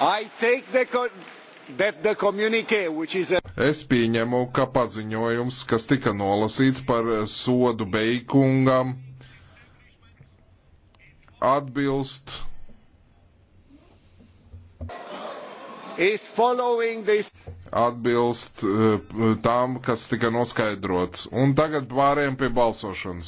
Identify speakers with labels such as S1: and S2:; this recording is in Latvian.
S1: The
S2: es pieņemu, ka paziņojums, kas tika nolasīts par sodu beikungam, atbilst. Atbilst uh, eh, tām, kas tika noskaidrots. Un tagad pārējiem pie balsošanas.